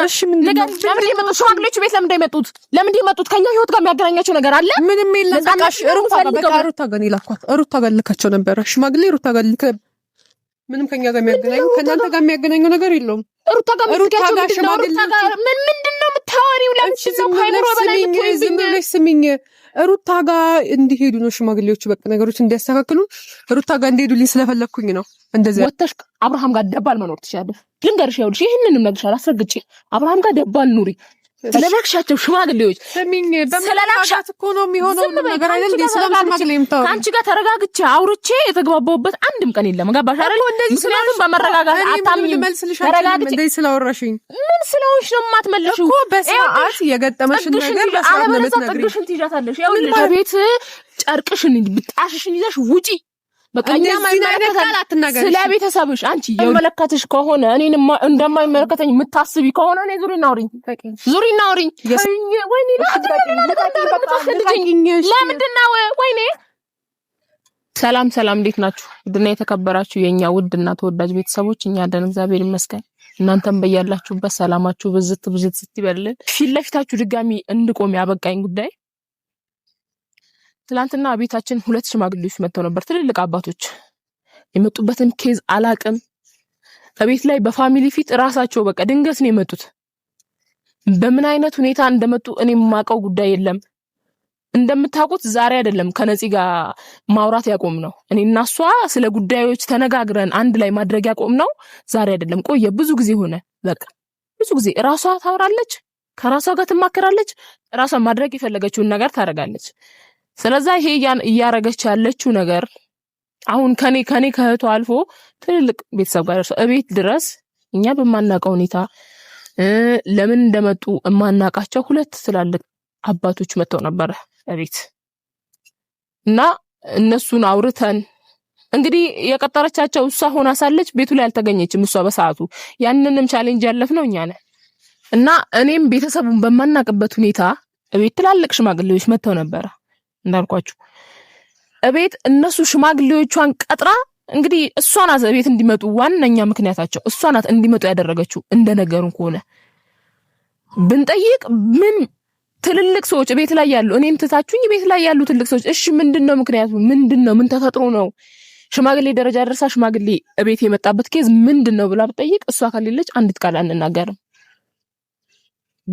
ለምን ሽማግሌዎቹ ቤት ለምን እንደመጡት ለምን እንደመጡት ከኛ ህይወት ጋር የሚያገናኛቸው ነገር አለ? ምንም የለም። ሩታ ጋር ሩታ ጋር ልካቸው ነበረ ሽማግሌ ሩታ ጋር ምንም ከኛ ጋር የሚያገናኙ ከእናንተ ጋር የሚያገናኘው ነገር የለውም። ሩታ ጋር ምንድን ነው የምታወሪው? ለምንድን ነው ስሚኝ። ሩታ ጋር እንዲሄዱ ነው ሽማግሌዎቹ፣ በቃ ነገሮች እንዲያስተካክሉ ሩታ ጋር እንዲሄዱልኝ ስለፈለግኩኝ ነው። እንደዚህ ወተሽ አብርሃም ጋር ደባል መኖር ትችላለህ ልንገርሽ፣ ይኸውልሽ ይህንን ነግርሻል አስረግጬ አብርሃም ጋር ደባል ኑሪ ስለላክሻቸው ሽማግሌዎች ስለላክሻት እኮ ነው የሚሆነው ከአንቺ ጋር ተረጋግቼ አውርቼ የተግባባሁበት አንድም ቀን የለም። ገባሽ አይደል? ምክንያቱም በመረጋጋት አታምኝም። ምን ስለሆንሽ ነው የማትመልሺው? በሰዓት የገጠመሽን ነገር ጥግሽን ትይዣታለሽ። ጨርቅሽን ብጣሽሽን ይዘሽ ውጪ ስለ ቤተሰብሽ አንቺ የመለከትሽ ከሆነ እኔን እንደማይመለከተኝ የምታስቢ ከሆነ እኔ ዙሪ ናውሪኝ፣ ዙሪ ናውሪኝ። ለምንድን ወይኔ? ሰላም ሰላም፣ እንዴት ናችሁ? ውድና የተከበራችሁ የእኛ ውድ እና ተወዳጅ ቤተሰቦች፣ እኛ ደን እግዚአብሔር ይመስገን። እናንተም በያላችሁበት ሰላማችሁ ብዝት ብዝት ስትበልልን ፊት ለፊታችሁ ድጋሚ እንድቆም ያበቃኝ ጉዳይ ትላንትና ቤታችን ሁለት ሽማግሌዎች መጥተው ነበር፣ ትልልቅ አባቶች። የመጡበትን ኬዝ አላቅም። ከቤት ላይ በፋሚሊ ፊት ራሳቸው በቃ ድንገት ነው የመጡት። በምን አይነት ሁኔታ እንደመጡ እኔ የማውቀው ጉዳይ የለም። እንደምታውቁት ዛሬ አይደለም ከነፂ ጋር ማውራት ያቆም ነው። እኔ እና እሷ ስለ ጉዳዮች ተነጋግረን አንድ ላይ ማድረግ ያቆም ነው ዛሬ አይደለም፣ ቆየ ብዙ ጊዜ ሆነ። በቃ ብዙ ጊዜ ራሷ ታወራለች፣ ከራሷ ጋር ትማከራለች፣ ራሷ ማድረግ የፈለገችውን ነገር ታደርጋለች። ስለዛ ይሄ እያረገች ያለችው ነገር አሁን ከኔ ከኔ ከእህቱ አልፎ ትልልቅ ቤተሰብ ጋር ደርሶ እቤት ድረስ እኛ በማናውቀው ሁኔታ ለምን እንደመጡ የማናውቃቸው ሁለት ትላልቅ አባቶች መጥተው ነበረ እቤት እና እነሱን አውርተን እንግዲህ የቀጠረቻቸው እሷ ሆና ሳለች ቤቱ ላይ አልተገኘችም። እሷ በሰዓቱ ያንንም ቻሌንጅ ያለፍነው እኛ ነን እና እኔም ቤተሰቡን በማናውቅበት ሁኔታ እቤት ትላልቅ ሽማግሌዎች መጥተው ነበረ እንዳልኳችሁ እቤት እነሱ ሽማግሌዎቿን ቀጥራ እንግዲህ እሷ ናት እቤት እንዲመጡ ዋነኛ ምክንያታቸው እሷ ናት እንዲመጡ ያደረገችው። እንደነገሩን ከሆነ ብንጠይቅ ምን ትልልቅ ሰዎች እቤት ላይ ያሉ እኔም ትታችሁኝ ቤት ላይ ያሉ ትልቅ ሰዎች እሺ፣ ምንድን ነው ምክንያቱ? ምንድን ነው ምን ተፈጥሮ ነው ሽማግሌ ደረጃ ደርሳ ሽማግሌ እቤት የመጣበት ኬዝ ምንድን ነው ብላ ብጠይቅ እሷ ከሌለች አንዲት ቃል አንናገርም።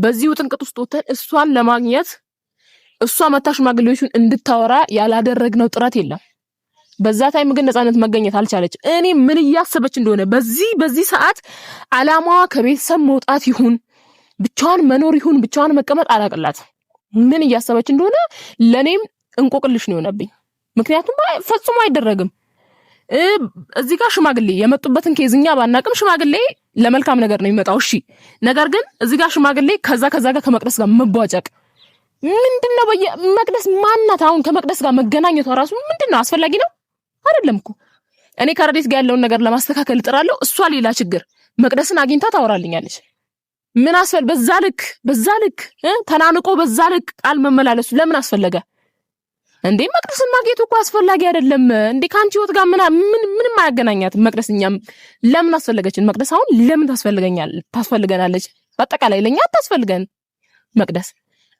በዚሁ ጥንቅጥ ውስጥ ወተን እሷን ለማግኘት እሷ መታ ሽማግሌዎቹን እንድታወራ ያላደረግነው ጥረት የለም። በዛ ታይም ግን ነፃነት መገኘት አልቻለች። እኔ ምን እያሰበች እንደሆነ በዚህ በዚህ ሰዓት አላማዋ ከቤተሰብ መውጣት ይሁን ብቻዋን መኖር ይሁን ብቻዋን መቀመጥ አላቅላት ምን እያሰበች እንደሆነ ለእኔም እንቆቅልሽ ነው የሆነብኝ። ምክንያቱም ፈጽሞ አይደረግም። እዚህ ጋር ሽማግሌ የመጡበትን ኬዝ እኛ ባናቅም ሽማግሌ ለመልካም ነገር ነው የሚመጣው። እሺ፣ ነገር ግን እዚህ ጋር ሽማግሌ ከዛ ከዛ ጋር ከመቅደስ ጋር መቧጨቅ ምንድን ነው መቅደስ ማናት? አሁን ከመቅደስ ጋር መገናኘቷ ራሱ ምንድን ነው አስፈላጊ ነው አይደለም እኮ። እኔ ከረዴት ጋር ያለውን ነገር ለማስተካከል እጥራለሁ። እሷ ሌላ ችግር መቅደስን አግኝታ ታወራልኛለች። ምን አስፈል በዛ ልክ በዛ ልክ ተናንቆ በዛ ልክ ቃል መመላለሱ ለምን አስፈለገ እንዴ? መቅደስን ማግኘቱ እኮ አስፈላጊ አይደለም እንዴ? ከአንቺ ህይወት ጋር ምን ምንም አያገናኛትም መቅደስ። እኛም ለምን አስፈለገችን መቅደስ? አሁን ለምን ታስፈልገኛል ታስፈልገናለች? በአጠቃላይ ለእኛ አታስፈልገን መቅደስ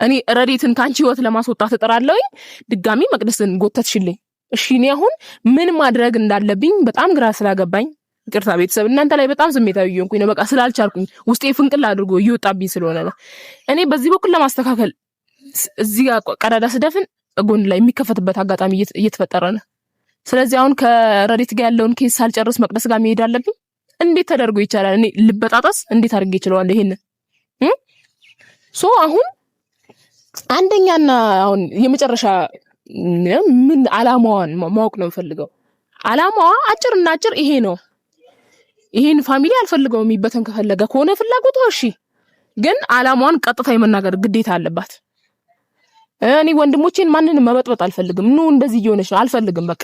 እኔ ረዴትን ከአንቺ ህይወት ለማስወጣት እጥራለሁኝ። ድጋሚ መቅደስን ጎተትሽልኝ። እሺ እኔ አሁን ምን ማድረግ እንዳለብኝ በጣም ግራ ስላገባኝ ይቅርታ ቤተሰብ፣ እናንተ ላይ በጣም ስሜታዊ እየሆንኩኝ ነው። በቃ ስላልቻልኩኝ ውስጤ ፍንቅል አድርጎ እየወጣብኝ ስለሆነ ነው። እኔ በዚህ በኩል ለማስተካከል እዚህ ቀዳዳ ስደፍን ጎን ላይ የሚከፈትበት አጋጣሚ እየተፈጠረ ነው። ስለዚህ አሁን ከረዴት ጋር ያለውን ኬስ ሳልጨርስ መቅደስ ጋር መሄድ አለብኝ። እንዴት ተደርጎ ይቻላል? እኔ ልበጣጠስ እንዴት አድርጌ ይችለዋለሁ? ይሄንን ሶ አሁን አንደኛና አሁን የመጨረሻ ምን አላማዋን ማወቅ ነው የምፈልገው። አላማዋ አጭርና አጭር ይሄ ነው። ይሄን ፋሚሊ አልፈልገው የሚበተን ከፈለገ ከሆነ ፍላጎቷ እሺ፣ ግን አላማዋን ቀጥታ የመናገር ግዴታ አለባት። እኔ ወንድሞቼን ማንንም መበጥበጥ አልፈልግም፣ ኑ እንደዚህ እየሆነች ነው አልፈልግም። በቃ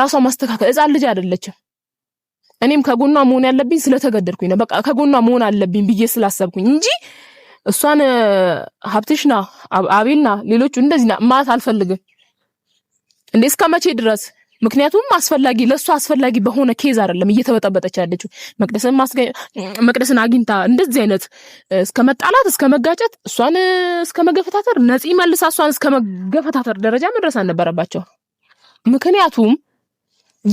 ራሷ ማስተካከል፣ ህፃን ልጅ አይደለችም። እኔም ከጎኗ መሆን ያለብኝ ስለተገደድኩኝ ነው። በቃ ከጎኗ መሆን አለብኝ ብዬ ስላሰብኩኝ እንጂ እሷን ሀብትሽና አቤልና ሌሎቹ እንደዚህ ማለት አልፈልግም እንዴ እስከ መቼ ድረስ? ምክንያቱም አስፈላጊ ለእሱ አስፈላጊ በሆነ ኬዝ አይደለም እየተበጠበጠች ያለችው። መቅደስን መቅደስን አግኝታ እንደዚህ አይነት እስከ መጣላት እስከ መጋጨት እሷን እስከ መገፈታተር ነፂ መልሳ እሷን እስከ መገፈታተር ደረጃ መድረስ አልነበረባቸው። ምክንያቱም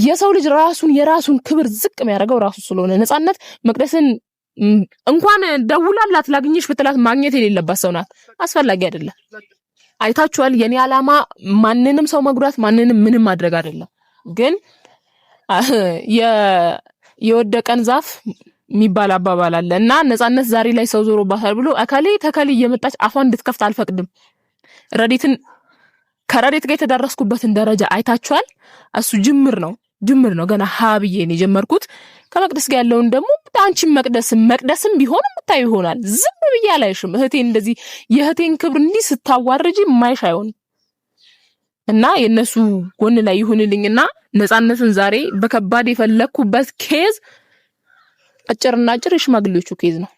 የሰው ልጅ ራሱን የራሱን ክብር ዝቅ የሚያደርገው ራሱ ስለሆነ ነፃነት መቅደስን እንኳን ደውላላት ላግኘሽ ብትላት ማግኘት የሌለባት ሰው ናት። አስፈላጊ አይደለም። አይታችኋል። የኔ ዓላማ ማንንም ሰው መጉዳት፣ ማንንም ምንም ማድረግ አይደለም። ግን የወደቀን ዛፍ የሚባል አባባል አለ እና ነፃነት ዛሬ ላይ ሰው ዞሮባታል ብሎ እከሌ ተከሌ እየመጣች አፏን እንድትከፍት አልፈቅድም። ረዴትን ከረዴት ጋር የተዳረስኩበትን ደረጃ አይታችኋል። እሱ ጅምር ነው ጅምር ነው ገና ሀ ብዬ የጀመርኩት። ከመቅደስ ጋር ያለውን ደግሞ አንቺን መቅደስም መቅደስም ቢሆን የምታዩ ይሆናል። ዝም ብዬ አላይሽም። እህቴን እንደዚህ የእህቴን ክብር እንዲህ ስታዋርጂ ማይሽ አይሆንም እና የእነሱ ጎን ላይ ይሁንልኝና ነፃነትን ዛሬ በከባድ የፈለግኩበት ኬዝ አጭርና አጭር የሽማግሌዎቹ ኬዝ ነው።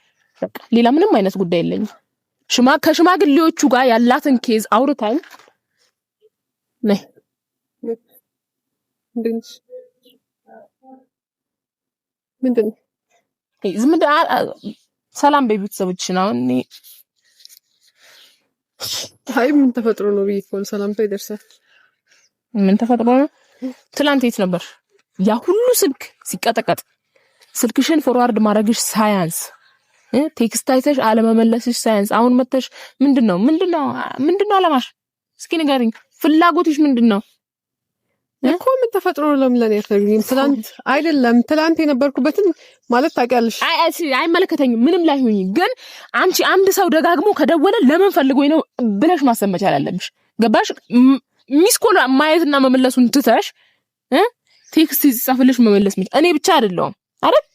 ሌላ ምንም አይነት ጉዳይ የለኝም። ከሽማግሌዎቹ ጋር ያላትን ኬዝ አውርታኝ ነይ ምንድን ሰላም በቤተሰቦችሽን አሁን እኔ አይ ምን ተፈጥሮ ነው ብዬሽ እኮ ሰላምታ ይደርሳል። ምን ተፈጥሮ ነው? ትላንት የት ነበር? ያ ሁሉ ስልክ ሲቀጠቀጥ ስልክሽን ፎርዋርድ ማድረግሽ ሳያንስ ቴክስት አይተሽ አለመመለስሽ ሳያንስ አሁን መተሽ ምንድን ነው ምንድን ነው ምንድን ነው አለማሽ? እስኪ ንገሪኝ፣ ፍላጎትሽ ምንድን ነው? እኮ ምን ተፈጥሮ ለምለን ያስፈልግም ትላንት አይደለም ትላንት የነበርኩበትን ማለት ታውቂያለሽ። አይመለከተኝም ምንም ላይ ሆኝ፣ ግን አንቺ አንድ ሰው ደጋግሞ ከደወለ ለምን ፈልጎኝ ነው ብለሽ ማሰብ መቻል አለብሽ። ገባሽ? ሚስኮል ማየትና መመለሱን ትተሽ ቴክስት ሲጻፍልሽ መመለስ ሚል እኔ ብቻ አይደለውም አይደል?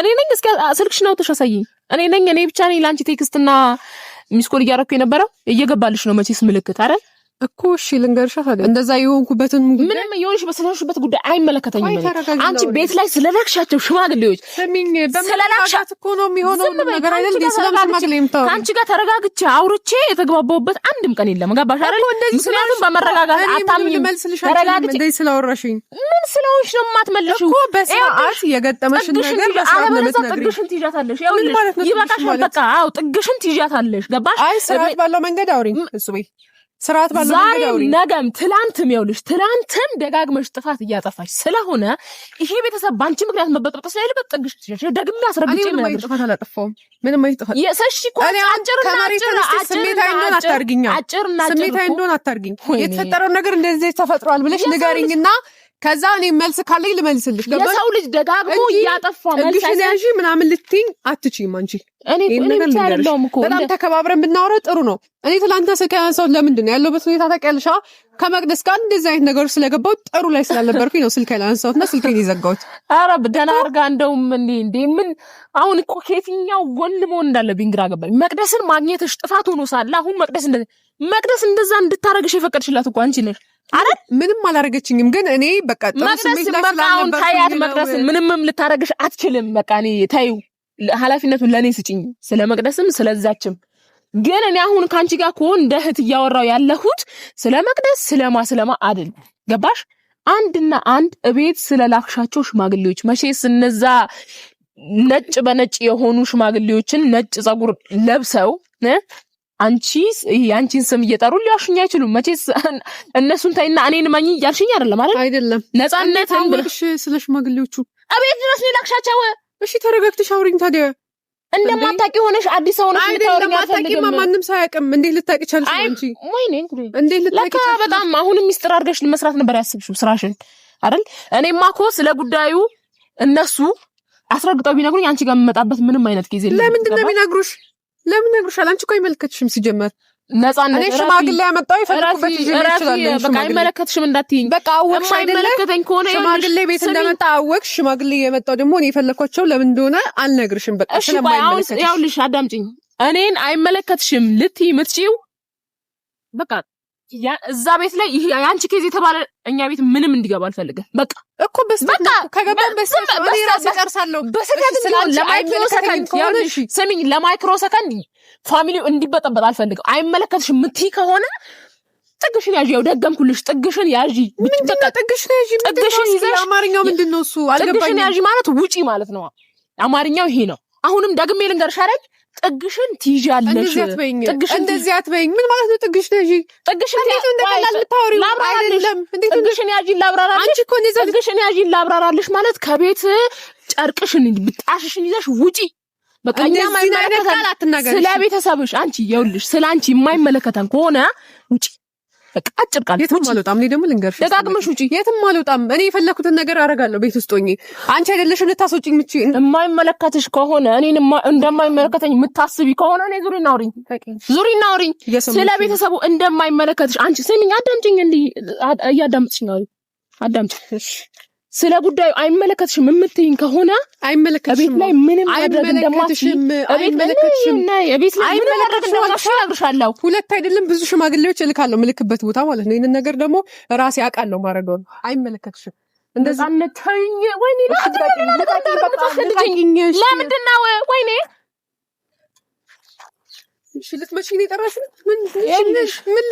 እኔ ነኝ። እስኪ ስልክሽን አውጥተሽ አሳይኝ። እኔ ነኝ። እኔ ብቻ ነኝ ለአንቺ ቴክስትና ሚስኮል እያረኩ የነበረው እየገባልሽ ነው መቼስ ምልክት አይደል? እኮ እሺ ልንገርሻ አለ እንደዛ የሆንኩበትን ምንም የሆንሽ በሰለሽበት ጉዳይ አይመለከተኝም። አንቺ ቤት ላይ ስለላክሻቸው ሽማግሌዎች ስለላክሻት እኮ ነው የሚሆነው ነገር አይደል? ከአንቺ ጋር ተረጋግቼ አውርቼ የተግባባሁበት አንድም ቀን የለም። ገባሽ አይደል? ምክንያቱም በመረጋጋት አታምኝም። ስለወረሽኝ ምን ስለሆንሽ ነው የማትመለሽው? በሰዓት የገጠመሽን ነገር ጥግሽን ትይዣታለሽ። ይበቃሻል። በቃ አዎ ጥግሽን ትይዣታለሽ። ገባሽ? አይ ስርዓት ባለው መንገድ አውሪኝ እሱ ቤት ስርዓት ባለ ዛሬም ነገም ትላንትም ይኸውልሽ ትላንትም ደጋግመሽ ጥፋት እያጠፋሽ ስለሆነ ይሄ ቤተሰብ በአንቺ ምክንያት መበጥበጥ ስለሌለበት ጥግሽ ደግሜ አስረግጬ ምንም አይነት ነገር እንደዚህ ተፈጥሯል ብለሽ ንገሪኝና ከዛ እኔ መልስ ካለኝ ልመልስልሽ። የሰው ልጅ ደጋግሞ እያጠፋ መልስ ምናምን ልትይኝ አትችይም አንቺ። በጣም ተከባብረን ብናወረ ጥሩ ነው። እኔ ትላንትና ስልክ ያነሳሁት ለምንድን ነው ያለሁበት ሁኔታ ታውቂያለሽ። ከመቅደስ ጋር እንደዚህ አይነት ነገሮች ስለገባው ጥሩ ላይ ስላልነበርኩኝ ነው ስልክ ያነሳሁት እና ስልኬን የዘጋሁት። ኧረ ደህና አድርጋ እንደውም እንዲ እንዲ ምን አሁን እኮ ከየትኛው ጎን መሆን እንዳለብኝ ግራ ገባኝ። መቅደስን ማግኘትሽ ጥፋት ሆኖ ሳለ አሁን መቅደስ መቅደስ እንደዛ እንድታረግሽ የፈቀድሽላት እኮ አንቺ ነሽ። አረ ምንም አላረገችኝም፣ ግን እኔ በቃ መቅደስ ታያት መቅደስን ምንምም ልታረግሽ አትችልም። በቃ እኔ ታዩ ኃላፊነቱን ለእኔ ስጭኝ፣ ስለ መቅደስም ስለዛችም። ግን እኔ አሁን ከአንቺ ጋር ከሆን እንደ እህት እያወራው ያለሁት ስለ መቅደስ ስለማ ስለማ አድል ገባሽ? አንድና አንድ እቤት ስለ ላክሻቸው ሽማግሌዎች መቼስ እነዛ ነጭ በነጭ የሆኑ ሽማግሌዎችን ነጭ ጸጉር ለብሰው አንቺ የአንቺን ስም እየጠሩ ሊያሹኝ አይችሉም። መቼስ እነሱን ታይና እኔን ማኝ እያልሽኝ አይደለም አይደል? አይደለም ነጻነትን ብለሽ ስለ ሽማግሌዎቹ አቤት ድረስ ላክሻቸው። እሺ ተረጋግተሽ አውሪኝ። ታዲያ እንደማታቂ ሆነሽ አዲስ ሆነሽ ልታወሪኝ አልፈልግም። ማንም ሰው አያውቅም። እንዴት ልታቂ ቻልሽ? እንዴት ልታውቂ ቻልሽ? በጣም አሁንም ሚስጥር አድርገሽ መስራት ነበር ያስብሽው ስራሽን አይደል? እኔማ እኮ ስለ ጉዳዩ እነሱ አስረግጠው ቢነግሩኝ አንቺ ጋር የምመጣበት ምንም አይነት ጊዜ ለምንድን ነው የሚነግሩሽ? ለምን ነግሮሻል? አንቺ እኮ አይመለከትሽም ሲጀመር ነፃነት እኔ ሽማግሌ ያመጣው የፈለኩበት ይዤ ይችላል። በቃ አይመለከትሽም እንዳትይኝ። በቃ አወቅሽ አይመለከተኝ ከሆነ ሽማግሌ ቤት እንደመጣ አወቅሽ። ሽማግሌ የመጣው ደግሞ እኔ የፈለኳቸው ለምን እንደሆነ አልነግርሽም። በቃ ስለማይመለከትሽ ያውልሽ፣ አዳምጪኝ። እኔን አይመለከትሽም ልትይ የምትችይው በቃ እዛ ቤት ላይ የአንቺ ኬዝ የተባለ እኛ ቤት ምንም እንዲገባ አልፈልግም። በቃ እኮ በቃ ከገባን ስሚኝ፣ ለማይክሮ ሰከንድ ፋሚሊው እንዲበጠበጥ አልፈልግም። አይመለከትሽ ምትይ ከሆነ ጥግሽን ያዥ። ያው ደገምኩልሽ፣ ጥግሽን ያዥ። ጥግሽን ያዥ። ጥግሽን ይዘሽ አማርኛው ምንድን ነው እሱ? ጥግሽን ያዥ ማለት ውጪ ማለት ነው። አማርኛው ይሄ ነው። አሁንም ደግሜ ልንገርሽ አይደል ጥግሽን ትይዣለሽ። እንደዚህ አትበይኝ። ምን ማለት ነው? ጥግሽ ጥግሽን እንደቀላል አይደለም። ጥግሽን ያዥን ላብራራልሽ። ጥግሽን ያዥን ላብራራልሽ ማለት ከቤት ጨርቅሽን ብጣሽሽን ይዘሽ ውጪ። ስለ ቤተሰብሽ አንቺ የውልሽ ስለ አንቺ የማይመለከተን ከሆነ ውጪ በቃ አጭር ቃል የትም አልወጣም። እኔ ደግሞ ልንገርሽ ደጋግመሽ ውጪ፣ የትም አልወጣም። እኔ የፈለኩትን ነገር አደርጋለሁ ቤት ውስጥ ሆኜ። አንቺ አይደለሽ ልታስወጪ ምች የማይመለከትሽ ከሆነ እኔን እንደማይመለከተኝ የምታስቢ ከሆነ እኔ ዙሪና አውሪኝ፣ ዙሪና አውሪኝ ስለ ቤተሰቡ እንደማይመለከትሽ። አንቺ ስሚኝ፣ አዳምጭኝ። እንዲህ እያዳምጥሽ ነው። አዳምጭ ስለ ጉዳዩ አይመለከትሽም የምትይኝ ከሆነ አይመለከትሽም፣ ቤት ላይ ምንም ማድረግ ሁለት አይደለም ብዙ ሽማግሌዎች እልካለሁ፣ ምልክበት ቦታ ማለት ነው። ይህንን ነገር ደግሞ ራሴ አውቃለሁ ነው። አይመለከትሽም ነተኝ ወይኔ ወይኔ ልትመጪ ነው የጠራሽን? ምን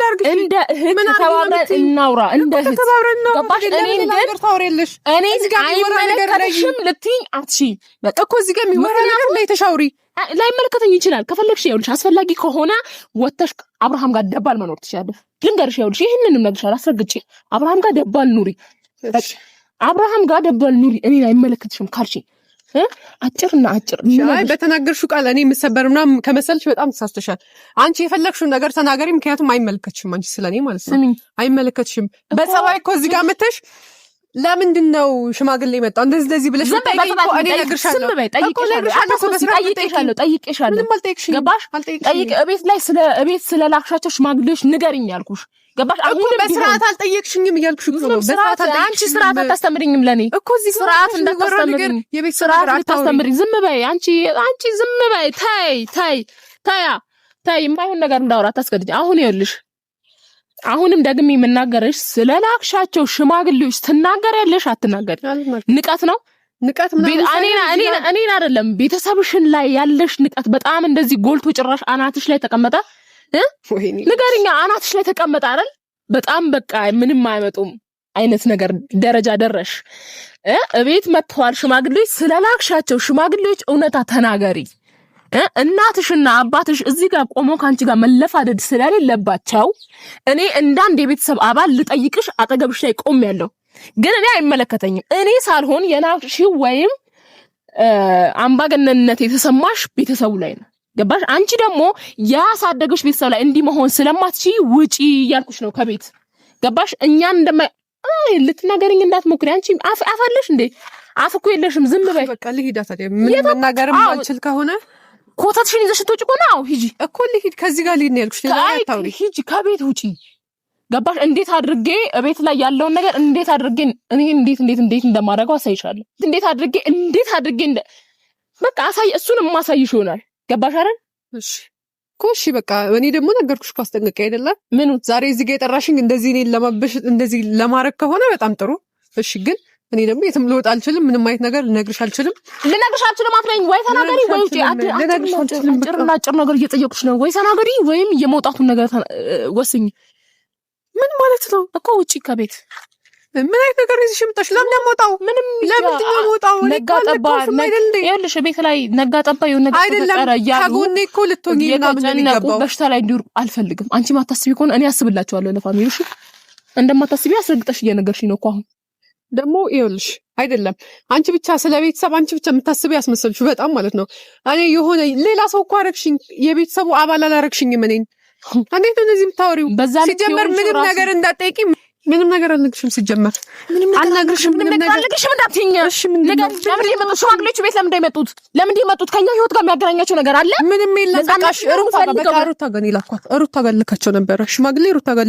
ላድርግ? ላይመለከተኝ ይችላል። ከፈለግሽ ይኸውልሽ፣ አስፈላጊ ከሆነ ወተሽ አብርሃም ጋር ደባል መኖር ትችላለሽ። ልንገርሽ፣ ይኸውልሽ፣ ይህንን እነግርሻለሁ አስረግጬ፣ አብርሃም ጋር ደባል ኑሪ። አብርሃም ጋር ደባል ኑሪ። እኔን አይመለከትሽም ካልሽኝ አጭር እና አጭር በተናገርሽው ቃል እኔ የምሰበር ምናምን ከመሰልሽ በጣም ተሳስተሻል። አንቺ የፈለግሽውን ነገር ተናገሪ፣ ምክንያቱም አይመለከትሽም። አንቺ ስለ እኔ ማለት ነው አይመለከትሽም። በጸባይ እኮ እዚህ ጋር መተሽ ለምንድን ነው ሽማግሌ መጣው እንደዚህ እንደዚህ ብለሽ ጠይቄሻለሁ። እቤት ላይ እቤት ስለላክሻቸው ሽማግሌዎች ንገሪኝ ያልኩሽ ገባሽ? አሁን በስርዓት አልጠየቅሽኝም እያልኩሽ እኮ ነው። በስርዓት አንቺ ስርዓት አታስተምሪኝም። ለኔ እኮ እዚህ ስርዓት እንዳታስተምሪኝ የቤት ስርዓት አታስተምሪኝ። ዝም በይ አንቺ አንቺ ዝም በይ። ታይ ታይ ታያ ታይ የማይሆን ነገር እንዳወራ አታስገድጂ። አሁን ይኸውልሽ፣ አሁንም ደግሜ የምናገርሽ ስለላክሻቸው ሽማግሌዎች ትናገሪያለሽ። አትናገሪ። ንቀት ነው ንቀት እኔን አይደለም ቤተሰብሽን ላይ ያለሽ ንቀት በጣም እንደዚህ ጎልቶ ጭራሽ አናትሽ ላይ ተቀመጠ። ንገሪኛ። አናትሽ ላይ ተቀመጠ አይደል? በጣም በቃ ምንም አይመጡም አይነት ነገር ደረጃ ደረሽ። እቤት መጥተዋል ሽማግሌዎች። ስለላክሻቸው ሽማግሌዎች እውነታ ተናገሪ። እናትሽና አባትሽ እዚህ ጋር ቆሞ ከአንቺ ጋር መለፋደድ ስለሌለባቸው እኔ እንዳንድ የቤተሰብ አባል ልጠይቅሽ አጠገብሽ ላይ ያለው ግን እኔ አይመለከተኝም። እኔ ሳልሆን የናቅሽ ወይም አምባገነንነት የተሰማሽ ቤተሰቡ ላይ ነው። ገባሽ? አንቺ ደግሞ ያሳደገሽ ቤተሰብ ላይ እንዲህ መሆን ስለማትች ውጪ እያልኩሽ ነው ከቤት ገባሽ? እኛን እንደማ ልትናገርኝ እንዳትሞክሪ አንቺ አፈለሽ እንዴ? አፍ እኮ የለሽም። ዝም በይ በቃ። ልሂድ ታዲያ። ምን መናገርም አልችል ከሆነ ኮተትሽን ይዘሽ ስትወጪ እኮ ነው። ሂጂ እኮ ልሂድ፣ ከዚህ ጋር ልሂድ ነው ያልኩሽ። ሂጂ ከቤት ውጪ ገባሽ? እንዴት አድርጌ እቤት ላይ ያለውን ነገር እንዴት አድርጌ እኔ እንዴት እንዴት እንዴት እንደማደርገው አሳይሻለሁ። እንዴት አድርጌ እንዴት አድርጌ በቃ አሳይ፣ እሱን የማሳይሽ ይሆናል ገባሽ አይደል? እሺ እኮ እሺ፣ በቃ እኔ ደግሞ ነገርኩሽ እኮ አስጠንቅቄ አይደለም። ምኑ ዛሬ እዚህ ጋር የጠራሽኝ እንደዚህ እኔን ለማበሽት እንደዚህ ለማድረግ ከሆነ በጣም ጥሩ። እሺ ግን እኔ ደግሞ የትም ልወጥ አልችልም። ምንም አይነት ነገር ልነግርሽ አልችልም። ልነግርሽ አልችልም አትለኝ። ወይ ተናገሪ ወይ ውጪ። አጭርና አጭር ነገር እየጠየቁሽ ነው። ወይ ተናገሪ ወይም የመውጣቱን ነገር ወስኝ። ምን ማለት ነው እኮ ውጪ ከቤት ምን አይነት ነገር ይዘሽ የምጣሽ? ለምን ደሞጣው? ምንም ለምን ደሞጣው? ነጋ ጠባ ይኸውልሽ፣ ቤት ላይ ነጋ ጠባ የሆነ ነገር አይደለም። ከጎኔ እኮ ልትሆኚ ምናምን በሽታ ላይ እንዲወርቁ አልፈልግም። አንቺ ማታስቢ ከሆነ እኔ አስብላቸዋለሁ እሺ እንደማታስቢ አስረግጠሽ እየነገርሽኝ ነው እኮ አሁን ደግሞ ይኸውልሽ አይደለም አንቺ ብቻ ስለ ቤተሰብ አንቺ ብቻ የምታስበ ያስመሰልሽ በጣም ማለት ነው። እኔ የሆነ ሌላ ሰው እኮ አረግሽኝ፣ የቤተሰቡ አባል አላረግሽኝም። እኔን እንዴት ነው እንደዚህ የምታወሪው? ሲጀመር ምንም ነገር እንዳጠቂ ምንም ነገር አልነግርሽም። ሲጀመር ምንም ነገር አልነግርሽም። ምንም ነገር አልነግርሽም ሲጀመር ምንም ሽማግሌዎቹ ቤት ለምን ለምን ከኛ ህይወት ጋር የሚያገናኛቸው ነገር አለ? ምንም የለም። ሩታ ጋር ላኳት። ሩታ ጋር ልካቸው ነበረ ሽማግሌ። ሩታ ጋር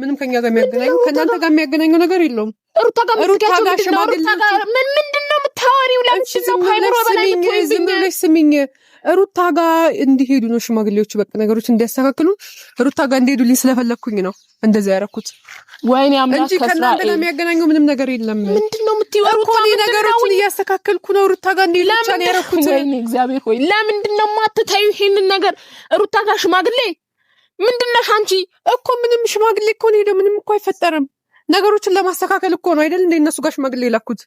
ምንም ከኛ ጋር የሚያገናኙ ከእናንተ ጋር የሚያገናኘው ነገር የለውም። ሩታ ጋር ምንድን ነው? የምታወሪው? ስሚኝ ሩታ ጋር እንዲሄዱ ነው ሽማግሌዎቹ። በቃ ነገሮች እንዲያስተካክሉ ሩታ ጋር እንዲሄዱልኝ ስለፈለግኩኝ ነው እንደዚያ ያረኩት። ወይኔ አምላክ እንጂ ከእናንተ ጋር የሚያገናኘው ምንም ነገር የለም። ምንድን ነው የምትይወሩ እኮ እኔ ነገሮችን እያስተካከልኩ ነው። ሩታ ጋር እንዲሄዱ ብቻ ነው ያደረኩት። ወይኔ እግዚአብሔር ሆይ ለምንድን ነው የማትታዩ ይሄንን ነገር ሩታ ጋር ሽማግሌ ምንድነሽ አንቺ እኮ ምንም ሽማግሌ እኮ ሄደ ምንም እኮ አይፈጠርም። ነገሮችን ለማስተካከል እኮ ነው አይደል? እንደ እነሱ ጋር ሽማግሌ የላኩት።